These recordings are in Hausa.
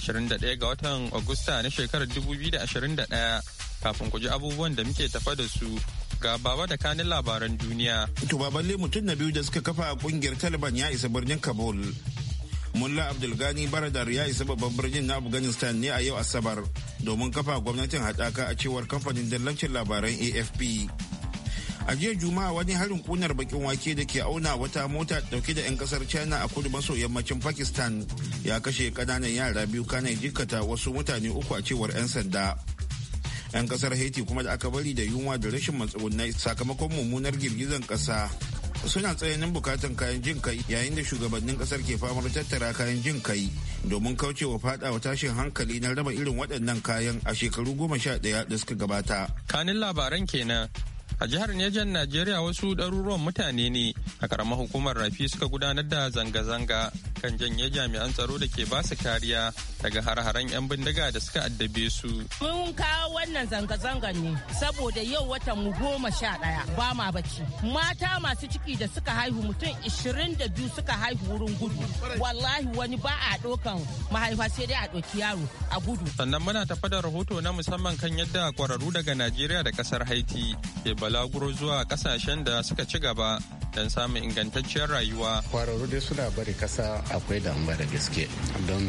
21 ga watan Agusta na shekarar 2021 kafin ku ji abubuwan da muke tafa da su ga baba da kanin labaran duniya. To baballe mutum na biyu da suka kafa kungiyar Taliban ya isa birnin Kabul. Mullah Abdulgani Baradar ya isa babban birnin na Afghanistan ne a yau Asabar domin kafa gwamnatin haɗaka a cewar kamfanin dallacin labaran AFP. a jiya juma'a wani harin kunar bakin wake da ke auna wata mota dauke da 'yan kasar china a kudu maso yammacin pakistan ya kashe kananan yara biyu kana jikata wasu mutane uku a cewar 'yan sanda 'yan kasar haiti kuma da aka bari da yunwa da rashin matsugunai sakamakon mummunar girgizan kasa suna tsayanin bukatan kayan jin kai yayin da shugabannin kasar ke famar tattara kayan jin kai domin kauce kaucewa wa tashin hankali na raba irin waɗannan kayan a shekaru goma sha ɗaya da suka gabata kanin labaran kenan A jihar Nejan Najeriya wasu ɗaruruwan mutane ne a ƙaramar hukumar rafi suka gudanar da zanga-zanga kan janye jami'an tsaro da ke ba su kariya daga har-haren 'yan bindiga da suka addabe su. Mun kawo wannan zanga-zanga ne saboda yau watan mu goma sha ɗaya ba ma bacci. Mata masu ciki da suka haihu mutum ishirin da biyu suka haihu wurin gudu. Wallahi wani ba a ɗaukan mahaifa sai dai a ɗauki yaro a gudu. Sannan muna tafa da rahoto na musamman kan yadda ƙwararru daga Najeriya da ƙasar Haiti ke balaguro zuwa kasashen da suka ci gaba don samun ingantacciyar rayuwa. Kwararru dai suna bari kasa akwai damuwa da gaske don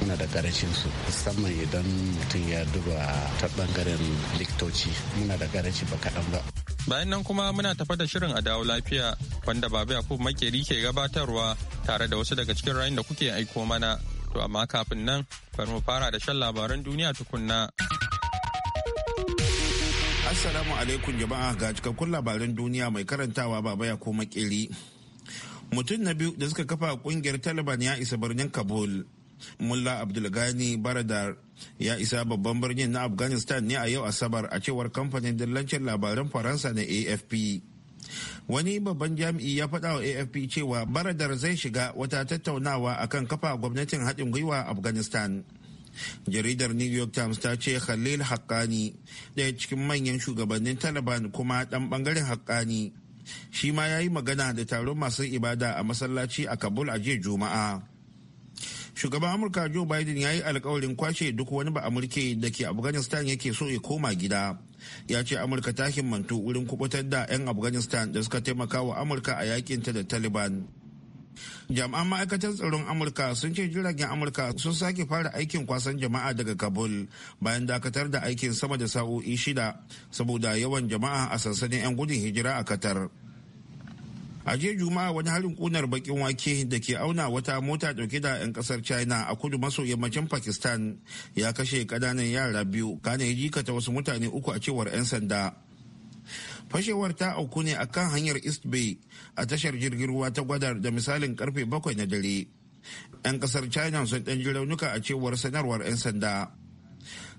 muna da karancin su musamman idan mutum ya duba ta bangaren likitoci muna da karanci ba kaɗan ba. Bayan nan kuma muna tafa da shirin a dawo lafiya wanda babu Yakub Makeri ke gabatarwa tare da wasu daga cikin rayun da kuke aiko mana. To amma kafin nan bari mu fara da shan labaran duniya tukunna. Assalamu alaikum jama'a ga cikakkun labaran duniya mai karantawa baba ya koma kiri. Mutum na biyu da suka kafa kungiyar Taliban ya isa birnin Kabul. Mullah Abdulgani Baradar ya isa babban birnin na Afghanistan ne a yau Asabar a cewar kamfanin dillancin labaran Faransa na AFP. Wani babban jami'i ya faɗa wa AFP cewa Baradar zai shiga wata tattaunawa akan kafa gwamnatin haɗin gwiwa Afghanistan. jaridar new york times ta ce khalil haqqani daya cikin manyan shugabannin taliban kuma ɗan bangaren haqqani shi ma ya yi magana da taron masu ibada a masallaci a kabul a jiya juma'a shugaban amurka joe biden ya yi alkawarin kwashe duk wani ba amurke da ke afghanistan yake so ya koma gida ya ce amurka ta himmantu wurin kubutar da 'yan afghanistan da suka taimaka wa amurka a yakinta da taliban jami'an ma'aikatar tsaron amurka sun ce jiragen amurka sun sake fara aikin kwasan jama'a daga kabul bayan dakatar da aikin sama da sa'o'i shida saboda yawan jama'a a sansanin 'yan gudun hijira a qatar a jiya juma'a wani harin kunar bakin wake da ke auna wata mota dauke da 'yan kasar china a kudu maso yammacin pakistan ya kashe kananan yara biyu kana ya jikata wasu mutane uku a cewar 'yan sanda fashewar ta auku ne a kan hanyar east bay a tashar jirgin ruwa ta gwadar da misalin karfe 7 na dare 'yan kasar china sun ɗan ji raunuka a cewar sanarwar 'yan sanda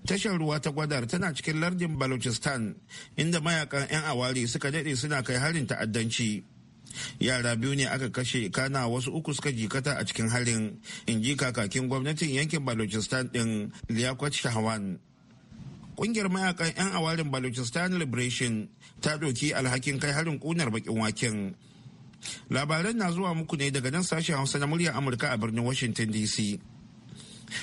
tashar ruwa ta gwadar tana cikin lardin balochistan inda mayakan 'yan awari suka daɗe suna kai harin ta'addanci yara biyu ne aka kashe kana wasu uku suka jikata a cikin harin in ji kakakin gwamnatin yankin balochistan ɗin liyakwa shahwan kungiyar mayakan 'yan awarin balochistan liberation ta ɗauki alhakin kai harin kunar bakin waken labaran na zuwa muku ne daga nan sashen hausa na muryar amurka a birnin washington dc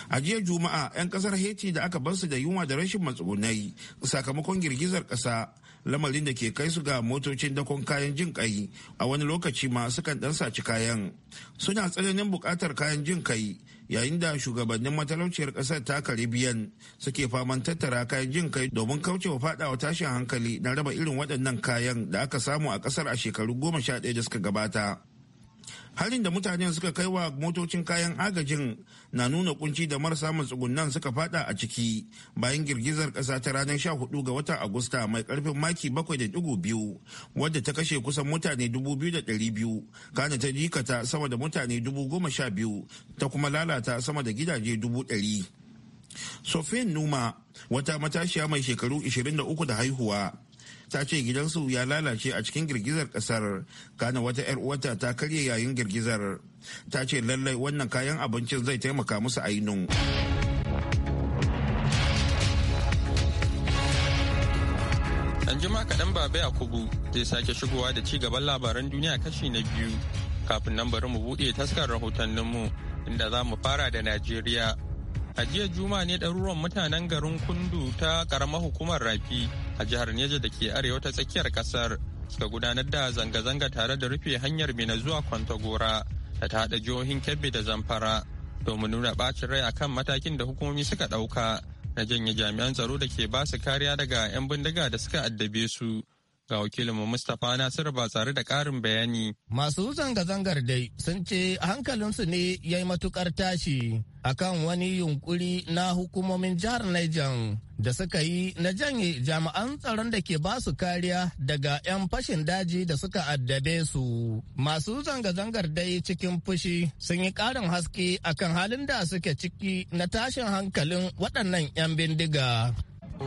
a jiya juma'a 'yan kasar haiti da aka bar su da yunwa da rashin matsugunai sakamakon girgizar kasa lamarin da ke kai su ga motocin dakon kayan jin kai a wani lokaci ma sukan dan saci kayan suna tsananin bukatar kayan jin kai yayin da shugabannin matalauciyar ƙasar ta karibiyan suke faman tattara kayan jin kai domin kaucewa fadawa tashin hankali na raba irin waɗannan kayan da aka samu a ƙasar a shekaru goma sha ɗaya da suka gabata harin da mutanen suka kai wa motocin kayan agajin na nuna kunci da marasa matsugunan suka fada a ciki bayan girgizar kasa ta ranar 14 ga watan agusta mai karfin maki 7.2 wadda ta kashe kusan mutane 2,200 kana ta jikata sama da mutane 12,000 ta kuma lalata sama da gidaje 100 Sophie Numa wata matashiya mai shekaru 23 da haihuwa ta ce su ya lalace a cikin girgizar kasar kana wata 'yar uwata ta karye yayin girgizar ta ce lallai wannan kayan abincin zai taimaka musu ainihin. dan jima kaɗan ba a kubu zai sake shigowa da ci gaban labaran duniya kashi na biyu kafin nan bari mu buɗe taskar rahotanninmu inda za mu fara da najeriya A jiya Juma ne ɗaruruwan mutanen garin Kundu ta ƙaramar hukumar Rafi a jihar Neja da ke arewa ta tsakiyar ƙasar suka gudanar da zanga-zanga tare da rufe hanyar Mina zuwa Kwantagora da ta haɗa jihohin Kebbi da Zamfara domin nuna ɓacin rai akan matakin da hukumomi suka ɗauka na janye jami'an tsaro da ke ba su kariya daga 'yan bindiga da suka addabe su. Ga wakilinmu Mustapha Nasir ba tsare da ƙarin bayani. Masu zanga-zangar dai sun ce hankalinsu ne ya yi matukar tashi akan wani yunkuri na hukumomin jihar Niger da suka yi na janye jami'an tsaron da ke ba su kariya daga 'yan fashin daji da suka addabe su. Masu zanga-zangar dai cikin fushi sun yi ƙarin haske akan halin da suke ciki na tashin hankalin waɗannan 'yan bindiga.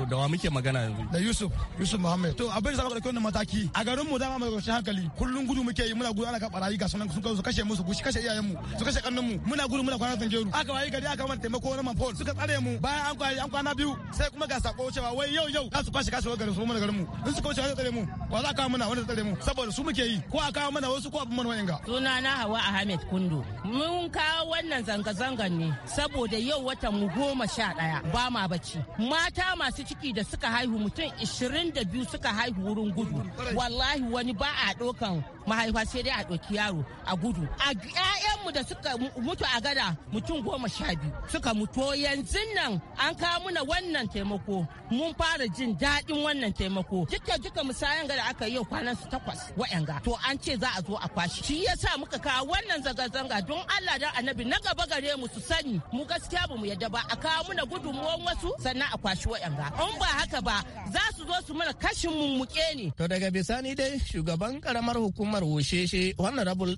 da wa muke magana yanzu da yusuf yusuf muhammad to abin da zaka da mataki a garin mu dama mai roshin hankali kullun gudu muke yi muna gudu ana ka barayi ga sunan sun su kashe musu su kashe iyayen mu su kashe kannan mu muna gudu muna kwana tangeru aka wayi gari aka mana taimako na manfol suka tsare mu bayan an kwana an kwana biyu sai kuma ga sako cewa wai yau yau za su kwashe kasuwar garin su mana garin mu in su kwace za su tsare mu wa za kawo mana wanda tsare mu saboda su muke yi ko a kawo mana wasu ko a abin mana wa'inga sunana hawa ahmed kundu mun kawo wannan zanga-zangan ne saboda yau watan mu goma sha ɗaya ba ma bacci mata masu masu ciki da suka haihu mutum 22 suka haihu wurin gudu wallahi wani ba a ɗaukan mahaifa sai dai a ɗauki yaro a gudu a ƴaƴanmu da suka mutu a gada mutum goma sha biyu suka mutu yanzu nan an kawo muna wannan taimako mun fara jin daɗin wannan taimako duka duka musayan gada aka yi kwanan su takwas wa'yanga to an ce za a zo a kwashi shi yasa muka kawo wannan zanga-zanga don Allah da annabi na gaba gare mu su sani mu gaskiya ba mu yadda ba a kawo muna gudunmuwan wasu sannan a kwashi wa'yanga in ba haka ba za su zo su mana kashin mummuke ne. To daga bisani dai shugaban karamar hukumar Wusheshe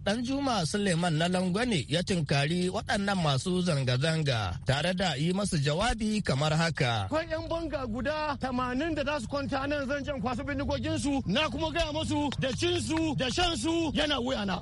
dan juma Suleiman na Langwane ya tinkari waɗannan masu zanga-zanga tare da yi masu jawabi kamar haka. Kwan 'yan banga guda tamanin da za su kwanta nan zan jan kwasu bindigogin su na kuma gaya masu da cinsu da shansu yana wuyana.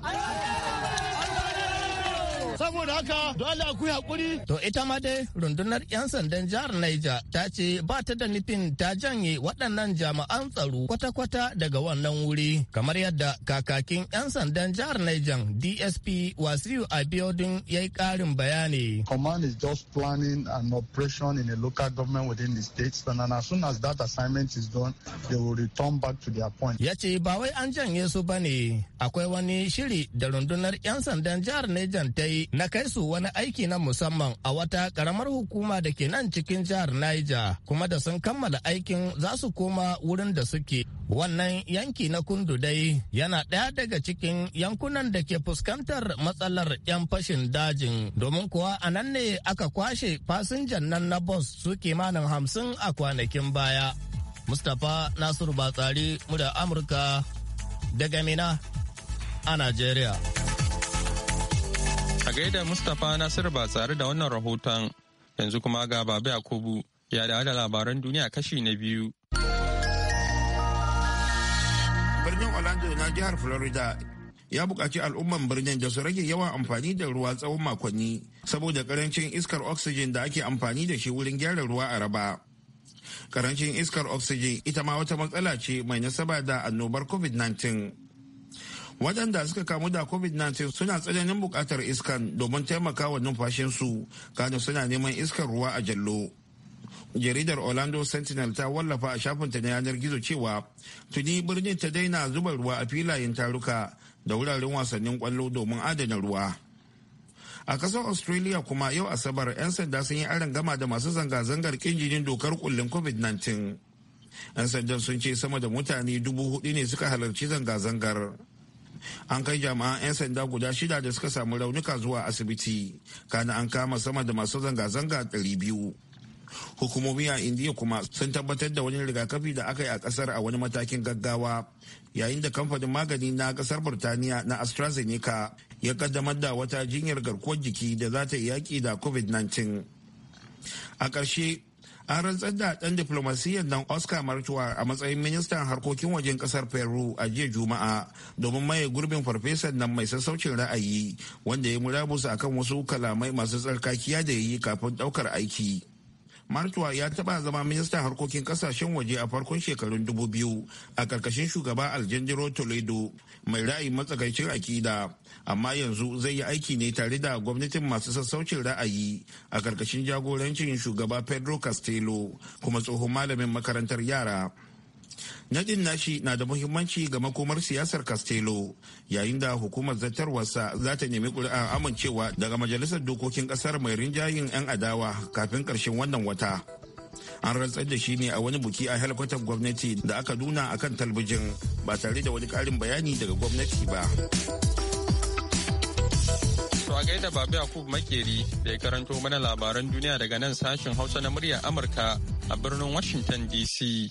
saboda haka dole ku hakuri to ita ma dai rundunar yan sandan jihar Niger ta ce ba ta da nufin ta janye waɗannan jami'an tsaro kwata-kwata daga wannan wuri kamar yadda kakakin yan sandan jihar Niger DSP Wasiu Abiodun yayi karin ƙarin bayani command is just planning an operation in a local government within the state and as soon as that assignment is done they will return back to their point ya ce ba wai an janye su bane akwai wani shiri da rundunar yan sandan jihar Niger ta yi na kai su wani aiki na musamman a wata karamar hukuma da ke nan cikin jihar Niger kuma da sun kammala aikin za su koma wurin da suke. Wannan yanki na kundu dai yana ɗaya daga cikin yankunan da ke fuskantar matsalar 'yan fashin dajin domin kuwa a nan ne aka kwashe fasinjan nan na bus su kimanin hamsin a kwanakin baya. Mustapha Nasiru Batsari, muda Amurka daga Mina a Najeriya. gaida Mustapha Nasiru ba tsare da wannan rahoton yanzu kuma ga Baba Yakubu ya da da labaran duniya kashi na biyu. Birnin Orlando na jihar Florida ya buƙaci al'umman birnin da su rage yawan amfani da ruwa tsawon makonni saboda karancin iskar oxygen da ake amfani da shi wurin gyara ruwa a raba. Karancin iskar oxygen ita ma wata matsala ce mai nasaba da annobar COVID-19. waɗanda suka kamu da covid-19 suna tsananin buƙatar iskan domin taimaka taimakawa numfashinsu kano suna neman iskar ruwa a jallo jaridar orlando sentinel ta wallafa a shafinta na yanar gizo cewa tuni birnin ta daina zuba ruwa a filayen taruka da wuraren wasannin kwallo domin adana ruwa a kasar australia kuma yau asabar 'yan sanda sun yi aron gama da masu zanga-zangar kinjinin dokar kullin covid-19 'yan sandan sun ce sama da mutane dubu hudu ne suka halarci zanga-zangar an kai jami'an 'yan sanda guda shida da suka samu raunuka zuwa asibiti kana an kama sama da masu zanga-zanga 200 hukumomi a indiya kuma sun tabbatar da wani rigakafi da aka yi a kasar a wani matakin gaggawa yayin da kamfanin magani na kasar burtaniya na astrazeneca ya kaddamar da wata jinyar garkuwar jiki da za ta yaki da covid-19 a ƙarshe an rantsar da ɗan diflomasiyyar nan oscar martua a matsayin ministan harkokin wajen ƙasar peru a jiya juma'a domin maye gurbin farfesan nan mai sassaucin ra'ayi wanda ya murabusa akan wasu kalamai masu tsarkakiya da ya yi kafin ɗaukar aiki martwa ya taɓa zama ministan harkokin kasashen waje a farkon shekarun dubu biyu a karkashin shugaba Aljanjiro Toledo mai ra'ayin matsakaicin akida, amma yanzu zai yi aiki ne tare da gwamnatin masu sassaucin ra'ayi a karkashin jagorancin shugaba Pedro castello kuma tsohon malamin makarantar yara. nadin nashi na da muhimmanci ga makomar siyasar castello yayin da hukumar zartarwarsa za ta nemi kuri'a amincewa daga majalisar dokokin kasar mai rinjayin 'yan adawa kafin karshen wannan wata an rantsar da shi ne a wani buki a helikwatar gwamnati da aka nuna a kan talbijin ba tare da wani karin bayani daga gwamnati ba to a gaida babu yakub makeri da ya karanto mana labaran duniya daga nan sashen hausa na murya amurka a birnin washington dc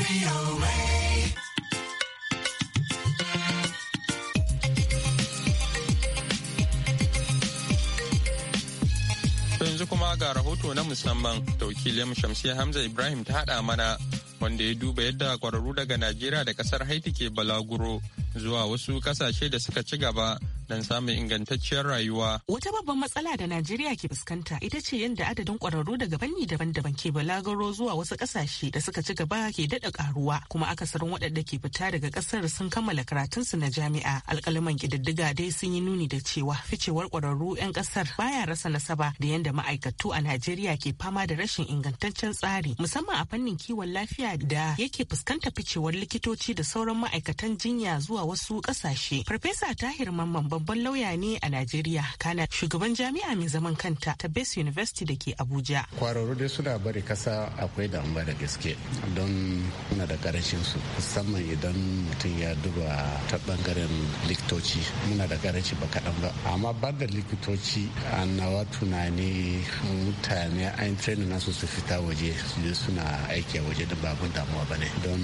yanzu kuma ga rahoto na musamman da wakilin shamsiya hamza ibrahim ta haɗa mana wanda ya duba yadda kwararru daga najeriya da ƙasar haiti ke balaguro zuwa wasu kasashe da suka ci gaba don samun ingantacciyar rayuwa. Wata babban matsala da Najeriya ke fuskanta ita ce yadda adadin kwararru daga banni daban-daban ke balagaro zuwa wasu ƙasashe da suka ci gaba ke daɗa ƙaruwa kuma akasarin waɗanda ke fita daga ƙasar sun kammala karatunsu na jami'a. Alƙalaman ƙididdiga dai sun yi nuni da cewa ficewar ƙwararru 'yan ƙasar baya rasa nasaba da yadda ma'aikatu a Najeriya ke fama da rashin ingantaccen tsari musamman a fannin kiwon lafiya da yake fuskanta ficewar likitoci da sauran ma'aikatan jinya zuwa wasu ƙasashe. Farfesa Tahir Mamman babban lauya ne a Najeriya kana shugaban jami'a mai zaman kanta ta Base University da ke Abuja. Kwararru dai suna bari kasa akwai damuwa da gaske don na da karancin su musamman idan mutum ya duba ta bangaren likitoci muna da karanci ba kaɗan ba amma ba da likitoci a nawa tunani mutane an training nasu su fita waje su suna aiki a waje da babun damuwa ba ne don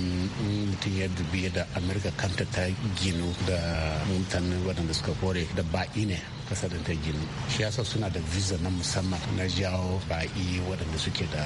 mutum ya dubi yadda amurka kanta ta ginu da mutane waɗanda suka kore da baƙi ne kasa da ta gini shi yasa suna da visa na musamman na jawo ba'i waɗanda suke da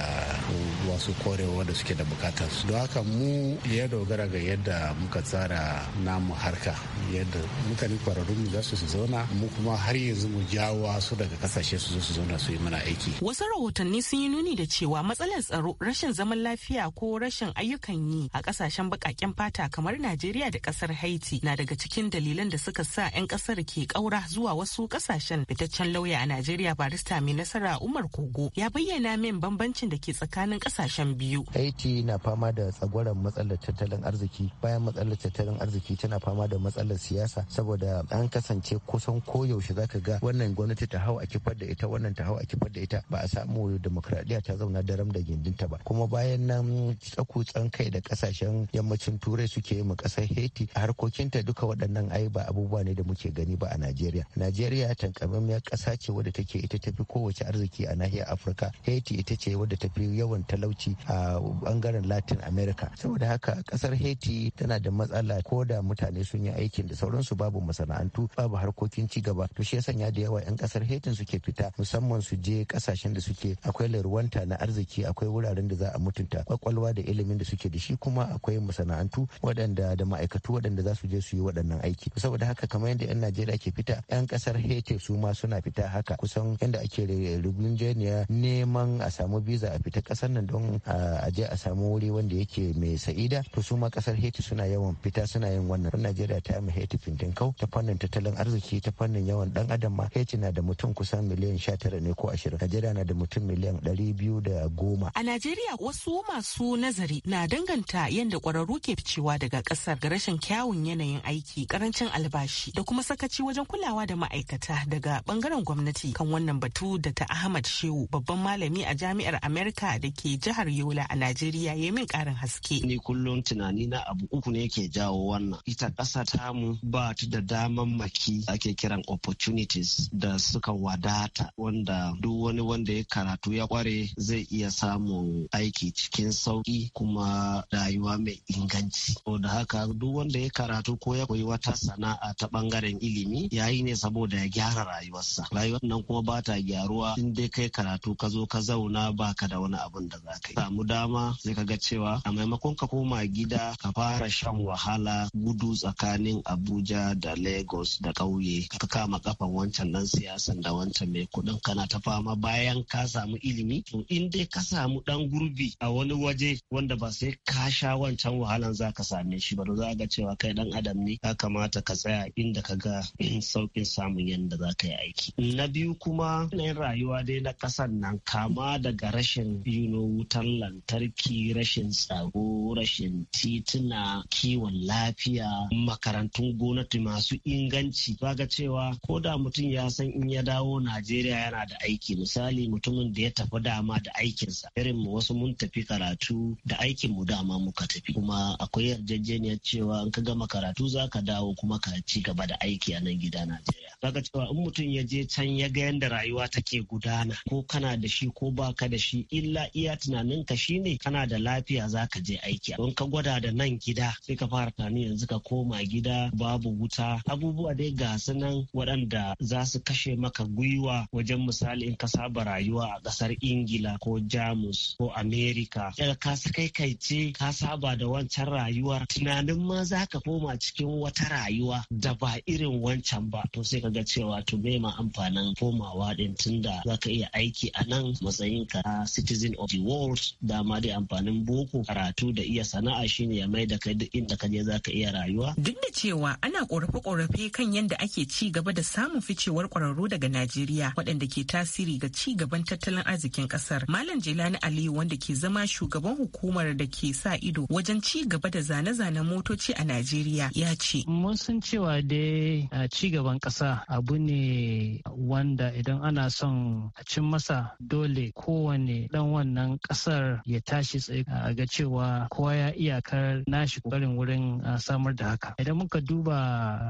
wasu korewa da suke da bukatar su don haka mu ya dogara ga yadda muka tsara namu harka yadda mutane mu za su zauna mu kuma har yanzu mu jawo wasu daga kasashe su zo su zauna su yi mana aiki wasu rahotanni sun yi nuni da cewa matsalar tsaro rashin zaman lafiya ko rashin ayyukan yi a kasashen baƙaƙen fata kamar najeriya da ƙasar haiti na daga cikin dalilan da suka sa 'yan ƙasar ke ƙaura zuwa wasu kasashen fitaccen lauya a Najeriya barista mai nasara Umar Kogo ya bayyana min bambancin da ke tsakanin kasashen biyu. Haiti na fama da tsagwaron matsalar tattalin arziki bayan matsalar tattalin arziki tana fama da matsalar siyasa saboda an kasance kusan koyaushe zaka ga wannan gwamnati ta hau a kifar da ita wannan ta hau a kifar da ita ba a samu demokradiyya ta zauna daram da gindinta ba kuma bayan nan tsakutsan kai da kasashen yammacin turai suke yi mu kasar Haiti harkokinta duka waɗannan ai ba abubuwa ne da muke gani ba a Najeriya. Najeriya najeriya tankamammiyar ƙasa ce wadda take ita tafi kowace arziki a nahiyar afirka haiti ita ce wadda tafi yawan talauci a bangaren latin america saboda haka ƙasar haiti tana da matsala ko da mutane sun yi aikin da sauransu babu masana'antu babu harkokin ci gaba to shi ya da yawa 'yan ƙasar Haiti suke fita musamman su je ƙasashen da suke akwai larwanta na arziki akwai wuraren da za a mutunta kwakwalwa da ilimin da suke da shi kuma akwai masana'antu waɗanda da ma'aikatu waɗanda za su je su yi waɗannan aiki saboda haka kamar yadda 'yan najeriya ke fita 'yan ƙasar hete su ma suna fita haka kusan yadda ake rigungeniya neman a samu biza a fita kasar nan don a je a samu wuri wanda yake mai sa'ida to su ma kasar suna yawan fita suna yin wannan najeriya ta yi fintin kau ta fannin tattalin arziki ta fannin yawan dan adam ma hete na da mutum kusan miliyan sha tara ne ko ashirin najeriya na da mutum miliyan ɗari biyu da goma a najeriya wasu masu nazari na danganta yadda kwararru ke ficewa daga kasar ga rashin kyawun yanayin aiki karancin albashi da kuma sakaci wajen kulawa da ma'aikata ta daga bangaren gwamnati kan wannan batu da ta Ahmad Shehu babban malami a jami'ar Amerika da ke jihar Yola a Najeriya ya min karin haske. Ni kullum tunani na abu uku ne ke jawo wannan. Ita ƙasa mu ba ta da daman maki ake kiran opportunities da suka wadata wanda duk wani wanda ya karatu ya kware zai iya samun aiki cikin sauki kuma rayuwa mai inganci. da haka duk wanda ya karatu ko ya koyi wata sana'a ta bangaren ilimi yayi ne saboda ya gyara rayuwarsa rayuwar nan kuma ba ta gyaruwa in dai kai karatu ka zo ka zauna ba ka da wani abun da za ka yi samu dama sai ka ga cewa a maimakon ka koma gida ka fara shan wahala gudu tsakanin abuja da lagos da ƙauye ka kama kafan wancan nan siyasan da wancan mai kuɗin kana ta fama bayan ka samu ilimi to in dai ka samu dan gurbi a wani waje wanda ba sai ka sha wancan wahalan za ka same shi ba za ga cewa kai dan adam ne ya kamata ka tsaya inda ka ga sauƙin samun da za ka yi aiki na biyu kuma yanayin rayuwa dai na kasan nan kama daga rashin yuno wutan lantarki rashin tsaro rashin tituna kiwon lafiya makarantun gwamnati masu inganci ga cewa ko da mutum ya san in ya dawo najeriya yana da aiki misali mutumin da ya tafi dama da aikinsa irin mu wasu mun tafi karatu da aikin mu dama muka tafi kuma akwai yarjejeniyar cewa in ka gama karatu za ka dawo kuma ka ci gaba da aiki a nan gida najeriya ga cewa in mutum ya je can ya ga yadda rayuwa take gudana ko kana da shi ko baka da shi illa iya tunanin tunaninka shine kana da lafiya za ka je aiki don ka gwada da nan gida sai ka fara tani yanzu ka koma gida babu wuta abubuwa dai ga su nan waɗanda za su kashe maka gwiwa wajen misali in ka saba rayuwa a ƙasar ingila ko jamus ko amerika daga ka kai kai ce ka saba da wancan rayuwar tunanin ma za ka koma cikin wata rayuwa da ba irin wancan ba to sai ka ga cewa to bai ma amfanin komawa din tunda za ka iya aiki a nan matsayin ka citizen of the world dama dai amfanin boko karatu da iya sana'a shine ya mai da kai duk inda ka je za ka iya rayuwa. Duk da cewa ana korafe-korafe kan yadda ake ci gaba da samun ficewar kwararru daga Najeriya waɗanda ke tasiri ga ci gaban tattalin arzikin ƙasar. Malam Jelani Aliyu wanda ke zama shugaban hukumar da ke sa ido wajen ci gaba da zane-zanen motoci a Najeriya ya ce. Mun san cewa dai ci gaban ƙasa a abu ne wanda idan ana son a cin masa dole kowane dan wannan kasar ya tashi tsaye a ga cewa kowa ya iyakar nashi kokarin wurin samar da haka idan muka duba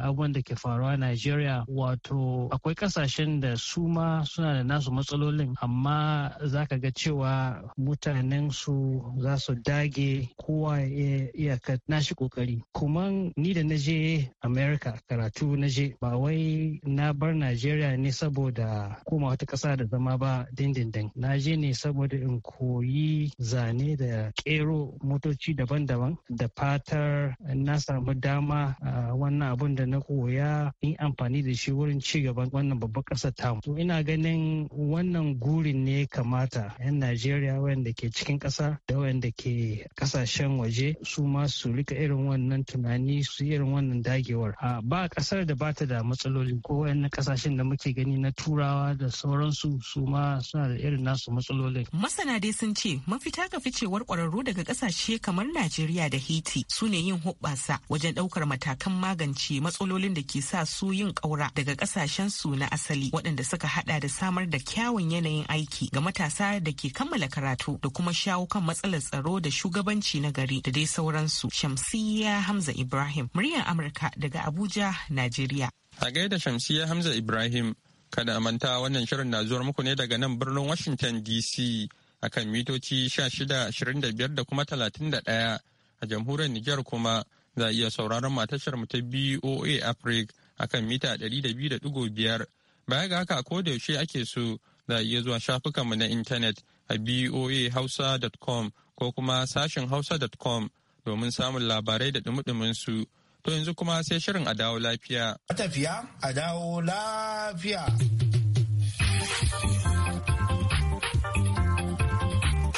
abubuwan da ke faruwa nigeria wato akwai kasashen da su ma suna da nasu matsalolin amma za ka ga cewa mutanen su za su dage kowa ya iyakar nashi kokari kuma ni da na je America karatu na je ba wai na bar Najeriya ne saboda koma wata ƙasa da zama ba dindindin. Na je ne saboda in koyi zane da ƙero motoci daban-daban da fatar na samu dama wannan abun da na koya in amfani da shi wurin ci gaban wannan babban ƙasar tamu. To ina ganin wannan gurin ne kamata 'yan Najeriya wanda ke cikin ƙasa da wanda ke ƙasashen waje su ma su rika irin wannan tunani su irin wannan dagewar. Ba ƙasar da ba ta da matsaloli ko wayannan kasashen da muke gani na turawa da sauransu su ma suna da irin nasu matsalolin. Masana dai sun ce mafita ga ficewar kwararru daga kasashe kamar Najeriya da Haiti su ne yin hubbasa wajen daukar matakan magance matsalolin da ke sa su yin kaura daga kasashen su na asali waɗanda suka hada da samar da kyawun yanayin aiki ga matasa da ke kammala karatu da kuma shawo kan matsalar tsaro da shugabanci na gari da dai sauransu. Shamsiyya Hamza Ibrahim, muryar Amurka daga Abuja, Najeriya. A gaida Shamsiyya Hamza Ibrahim, kada manta wannan shirin na zuwa muku ne daga nan birnin Washington DC akan mitoci 1625 da kuma 31 a jamhuriyar niger kuma za a iya sauraron matashar mu ta BOA Africa akan mita 200.5 baya ga haka ko da yaushe ake so za a iya zuwa shafukanmu na intanet a boahausa.com ko kuma sashen hausa.com domin samun labarai da dumudumin su To yanzu kuma sai shirin a dawo lafiya. Matafiya a dawo lafiya.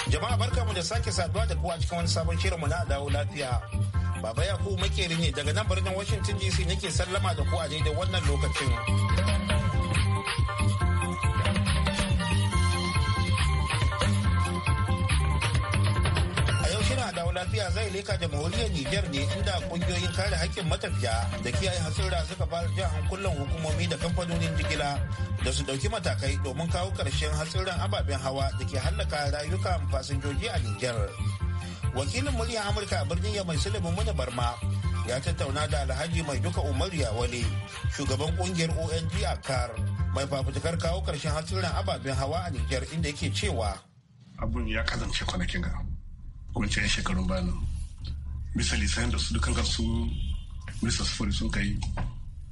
Jama'a mu da sake saduwa da kowa cikin wani sabon shirin mu na dawo lafiya. Baba Yakubu makeri ne daga nan birnin Washington DC nake sallama da ku a daidai wannan lokacin. lafiya zai leka jamhuriyar Nijar ne inda kungiyoyin kare hakkin matafiya da kiyaye hasira suka fara jan hankulan hukumomi da kamfanonin jigila da su ɗauki matakai domin kawo karshen hasiran ababen hawa da ke hallaka rayukan fasinjoji a Nijar. Wakilin murya Amurka a birnin Yamai Suleiman Muna Barma ya tattauna da Alhaji Mai Duka Umaru Yawale, shugaban kungiyar ONG a Kar, mai fafutukar kawo karshen hasiran ababen hawa a Nijar inda yake cewa. Abun ya kazance kwanakin ga. wancan shekarun bayan bisa lisan da su dukkan su mr sufuri sun kai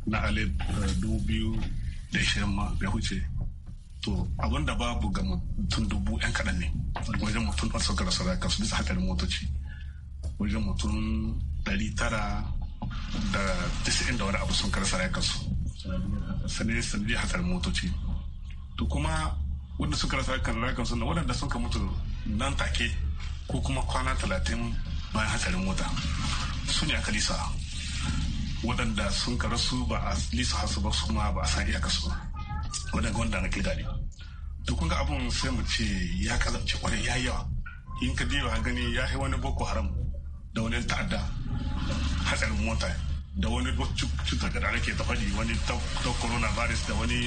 na alif eh, dubu biyu da ishirin ma bai huce to abin da babu ga mutum dubu yan kaɗan ne wajen mutum ɗan sauka da sauraka su bisa hadarin motoci wajen mutum ɗari tara da tisa'in da wani abu sun karasa sadaka su sanadiyar sanadiyar hadarin motoci to kuma wanda sun karasa kan su na wadanda sun ka mutu nan take ko kuma kwana talatin bayan hatsarin mota su ne aka lisa waɗanda sun su ba a lisa hasu ba su kuma ba a san iyaka su waɗanda wanda na ke ne to kun ga abun sai mu ce ya kazance kwarai ya yawa in ka diba gani ya yi wani boko haram da wani ta'adda hatsarin mota da wani cutar da ake ta faɗi wani ta coronavirus da wani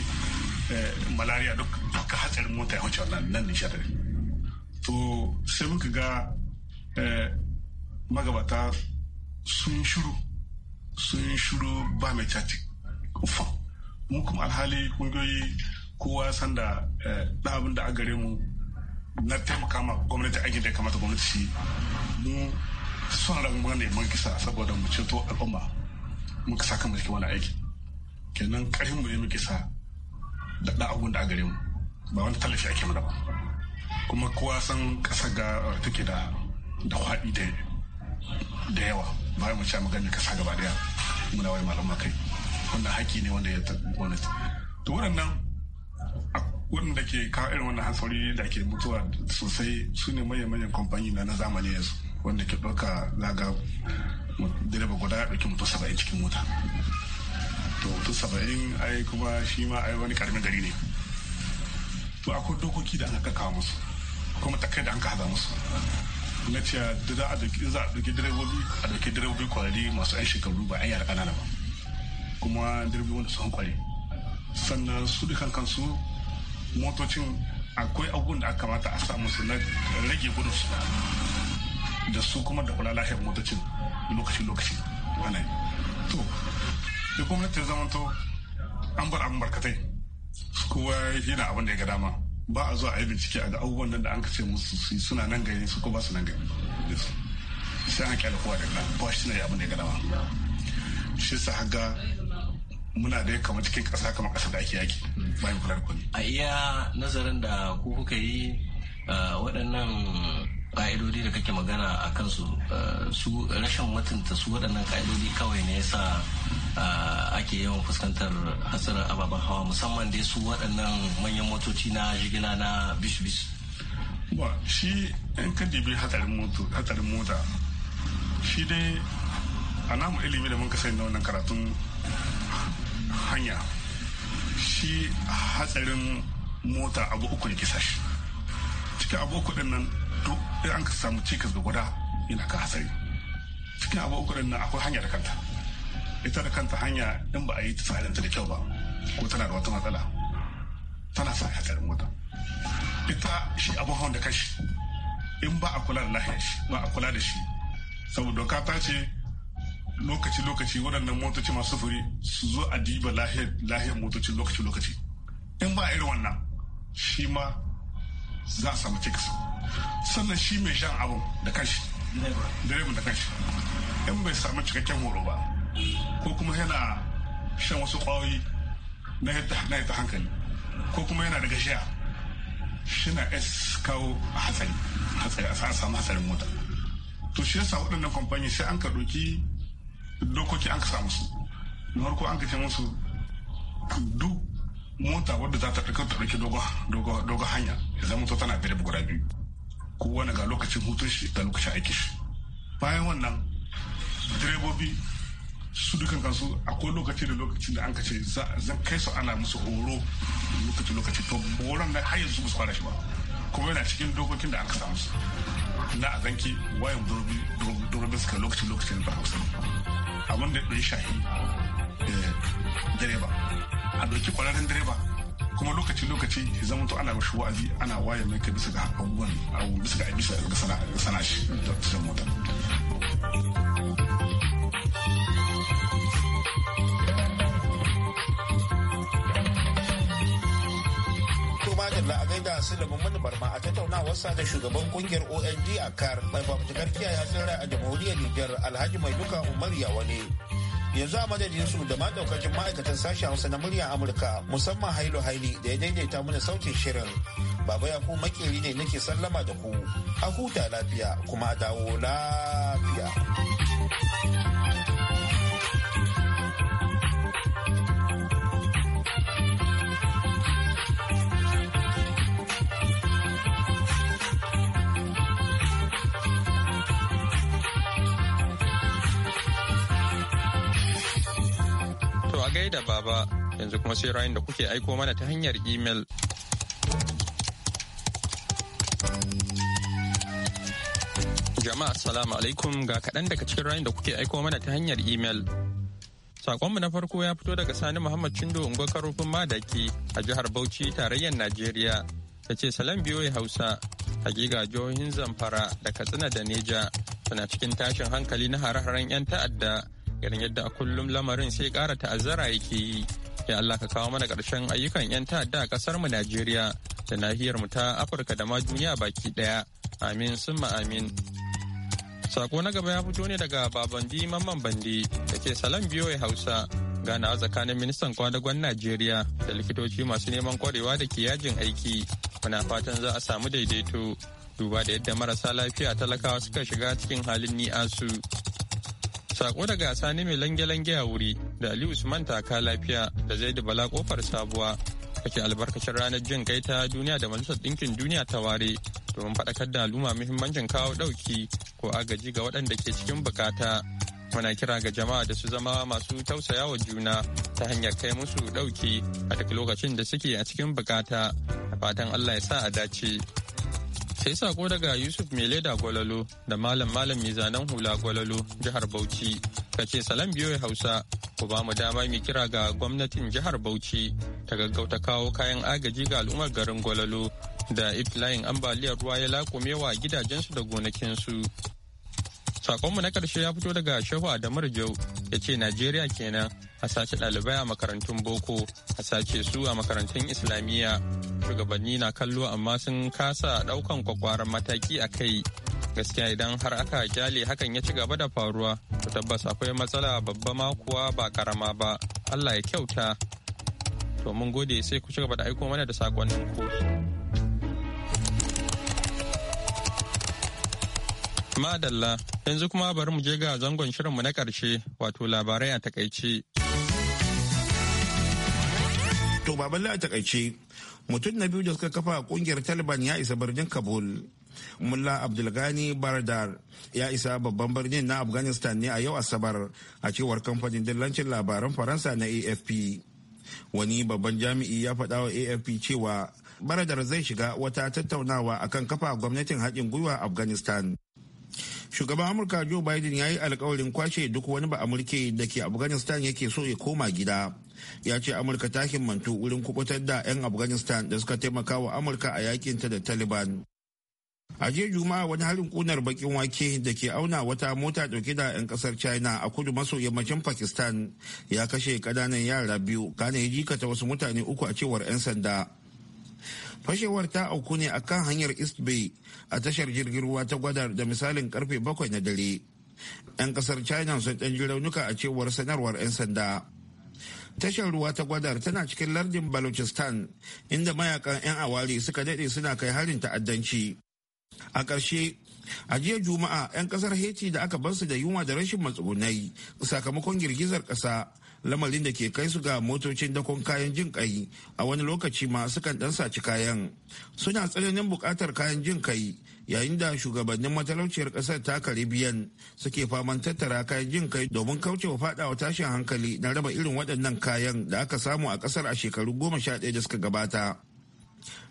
eh, malaria duk hatsarin mota ya wuce wannan nan nishadari to sai muka ga eh, magabata sun shuru sun shiru ba mai cati ufa mu kuma alhali kungiyoyi kowa san eh, da abin da a gare mu na taimaka ma gwamnati a da kamata gwamnati shi mu son rangon ne mun kisa saboda mu ceto al'umma mun kisa kan mulki wani aiki kenan karin mu ne mun kisa da abin da a gare mu ba wani talafi ake mana ba kuma kowa san ƙasa ga uh, take da da kwaɗi da yawa ba mu sha magana ƙasa gaba daya muna wai malam kai wannan haƙi ne wanda ya wani to waɗannan wanda ke kawo irin wannan hatsari da ke mutuwa sosai su ne manyan kamfani na na zamani yanzu wanda ke ɗauka zaga direba guda ya ɗauki mutu saba'in cikin mota to mutu saba'in ai kuma shi ma ai wani ƙaramin gari ne to akwai dokoki da aka kawo musu kuma takai da an haza musu na ce da za a dauki za a dauki direbobi a dauki direbobi kwararri masu 'yan shekaru ba 'yan yara ƙanana ba kuma direbobi wanda sun kware sannan su dukan kansu motocin akwai abubuwan da aka kamata a samu su na rage gudun su da su kuma da kula lahiyar motocin lokaci-lokaci wannan to da gwamnati zamanto an bar abin barkatai kowa yana abin da ya ga dama ba a zuwa a yi bincike a ga abubuwan nan da an kace musu su suna nan gari su ko ba su nan gari sai an kyale kowa da nan ba shi ne abin da ya ga dama shi sa haga muna da kama cikin ƙasa kamar ƙasa da ake yaki bayan da kuni. A iya nazarin da ku kuka yi waɗannan ƙa'idodi da kake magana a kansu su rashin mutunta su waɗannan ƙa'idodi kawai ne sa. ake yawan fuskantar hatsarin ababen hawa musamman dai su waɗannan manyan motoci na jigila na bis-bis. ba shi yan ka dibi hatsarin mota shi dai a namu ilimi da muka sani na wannan karatun hanya shi hatsarin mota abu uku ne kisa shi cikin abu uku din nan duk an ka samu cikas ga guda yana ka hatsari cikin abu uku din nan akwai hanya da kanta ita da kanta hanya in ba a yi tsarinta da kyau ba ko tana da wata matsala tana sa hatsarin mota ita shi abin hawan da kashi in ba a kula da lahiyar shi ba a kula da shi saboda doka ta ce lokaci-lokaci waɗannan motoci masu furi su zo a diba lahiyar motoci lokaci-lokaci in ba a irin wannan shi ma za a samu cikas sannan shi mai shan abin da kashi direban da kashi in bai samu cikakken horo ba ko kuma yana shan wasu kwayoyi na yadda hankali ko kuma yana da gashiya shina s kawo a hatsari hatsari a samu hatsarin mota to shi yasa waɗannan kwamfani sai an ka ɗauki dokoki an ka samu su na farko an ka ce musu duk mota wadda za ta ɗauka ta ɗauki dogon hanya ya zama to tana birib guda biyu wani ga lokacin hutun shi da lokacin aiki shi bayan wannan direbobi su dukan kansu akwai lokaci da lokaci da an kace zan kai su ana musu horo lokaci lokaci to boron na har yanzu musu fara shi ba kuma yana cikin dokokin da aka samu na a zanki wayan durbi durbi suka lokaci lokaci da hausa abin da ya shahi eh, direba a ɗauki kwararren direba kuma lokaci lokaci ya zama to ana mashi wa'azi ana waye mai kai bisa ga abubuwan bisa ga bisa ga sana'a shi da mota Adalla a gaida su da mummun barma a tattaunawarsa da shugaban kungiyar ONG a kar mai fafutukar kiyaye rai a jamhuriyar Nijar Alhaji Mai Duka Umar wani. yanzu a madadin su da ma daukakin ma'aikatan sashen hausa na murya amurka musamman hailu haili da ya daidaita mana sautin shirin baba ya ku makeri ne nake sallama da ku a huta lafiya kuma a dawo lafiya da baba yanzu kuma sai ra'ayin da kuke aiko mana ta hanyar imel. Jama'a assalamu alaikum ga kaɗan daga cikin ra'ayin da kuke aiko mana ta hanyar imel. Sakonmu na farko ya fito daga Sani Muhammad Chindo Ungo Karofin Madaki a jihar Bauchi tarayyar Najeriya. Ta ce salam biyoyi Hausa, hakika jihohin Zamfara da Katsina da Neja suna cikin tashin hankali na hare-haren 'yan ta'adda irin yadda a kullum lamarin sai kara ta'azzara yake yi ya Allah ka kawo mana karshen ayyukan 'yan ta'adda a ƙasar mu Najeriya da nahiyar mu ta Afirka da ma duniya baki ɗaya amin summa amin sako na gaba ya fito ne daga babandi mamman bandi da ke salon biyoyi hausa ganawa tsakanin ministan kwadagon najeriya da likitoci masu neman kwarewa da ke yajin aiki muna fatan za a samu daidaito duba da yadda marasa lafiya talakawa suka shiga cikin halin ni'asu Sako daga Sani mai lange-lange a wuri da Ali Usman taka lafiya da da Bala kofar sabuwa kake albarkacin ranar jin kai ta duniya da Majalisar Ɗinkin Duniya ta ware domin faɗakar da al'umma muhimmancin kawo ɗauki ko agaji ga waɗanda ke cikin bukata. Muna kira ga jama'a da su zama masu tausaya wa juna ta hanyar kai musu ɗauki a duk lokacin da suke a cikin bukata. Da fatan Allah ya sa a dace. sai sako daga yusuf leda gwalalo da malam malam mai zanen hula gwalalo jihar bauchi ka ce salam ya hausa ku ba mu dama mai kira ga gwamnatin jihar bauchi ta gaggauta kawo kayan agaji ga al'ummar garin gwalalo da iflayin ambaliyar ruwa ya lakumewa gidajensu da gonakinsu sakonmu na karshe ya fito daga shehu adamar jau ya ce najeriya kenan a sace ɗalibai a makarantun boko a sace su a makarantun islamiyya shugabanni na kallo amma sun kasa daukan kwakwaran mataki a kai gaskiya idan har aka kyale hakan ya ci gaba da faruwa to tabbas akwai matsala babba ma kuwa ba karama ba allah ya kyauta to mun gode sai ku ci gaba da aiko mana da sakonnin ku madalla yanzu kuma bari mu je ga zangon shirin mu na karshe wato labarai a takaice to baballa a takaice mutum na biyu da suka kafa kungiyar taliban ya isa birnin kabul mullah abdulgani Baradar ya isa babban birnin na afghanistan ne a yau asabar a cewar kamfanin dillancin labaran faransa na afp wani babban jami'i ya faɗa wa afp cewa baradar zai shiga wata tattaunawa akan kafa gwamnatin haɗin gwiwa afghanistan shugaban amurka joe biden ya yi alkawarin kwashe duk wani ba amurke da ke afghanistan yake so ya koma gida ya ce amurka ta himmantu wurin kubutar da 'yan afghanistan da suka taimaka wa amurka a yakinta da taliban a jiya juma'a wani harin kunar bakin wake da ke auna wata mota dauke da 'yan kasar china a kudu maso yammacin pakistan ya kashe kananan yara biyu kana ya jikata wasu mutane uku a cewar 'yan sanda fashewar ta auku ne a kan hanyar east bay a tashar jirgin ruwa ta gwadar da misalin karfe bakwai na dare 'yan kasar china sun ɗan ji raunuka a cewar sanarwar 'yan sanda tashar ruwa ta gwadar tana cikin lardin balochistan inda mayakan 'yan awari suka daɗe suna kai harin ta'addanci a ƙarshe a jiya juma'a 'yan kasar haiti da aka bar su da yunwa da rashin matsugunai sakamakon girgizar ƙasa lamarin da ke kai su ga motocin dakon kayan jin kai a wani lokaci ma sukan dan saci kayan suna tsananin buƙatar kayan jin kai yayin da shugabannin matalauciyar ƙasar ta karibiyan suke faman tattara kayan jin kai domin kauce wa faɗawa tashin hankali na raba irin waɗannan kayan da aka samu a ƙasar a shekaru goma sha ɗaya da suka gabata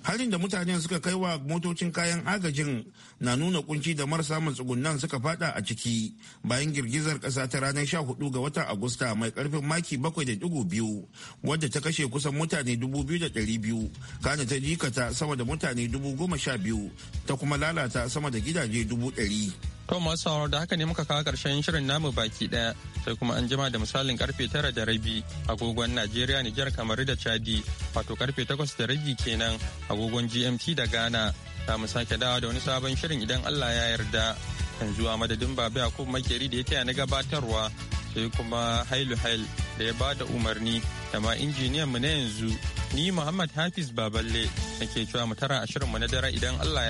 harin da mutanen suka kai wa motocin kayan agajin na nuna kunci da marasa matsugunan suka fada a ciki bayan girgizar kasa ta ranar 14 ga watan agusta mai karfin maki 7.2 wadda ta kashe kusan mutane 2,200 kana ta jikata sama da mutane 12,000 ta kuma lalata sama da gidaje 100,000 To masu sauraro da haka ne muka kawo karshen shirin namu baki daya sai kuma an jima da misalin karfe tara da rabi agogon Najeriya Nijar kamar da Chadi wato karfe takwas da rabi kenan agogon GMT da Ghana za mu sake dawa da wani sabon shirin idan Allah ya yarda yanzu a madadin babu kuma Makeri da ya taya na gabatarwa sai kuma Hailu Hail da ya bada umarni da ma injiniyan mu na yanzu ni Muhammad Hafiz Baballe nake cewa mu tara a shirin mu na dare idan Allah ya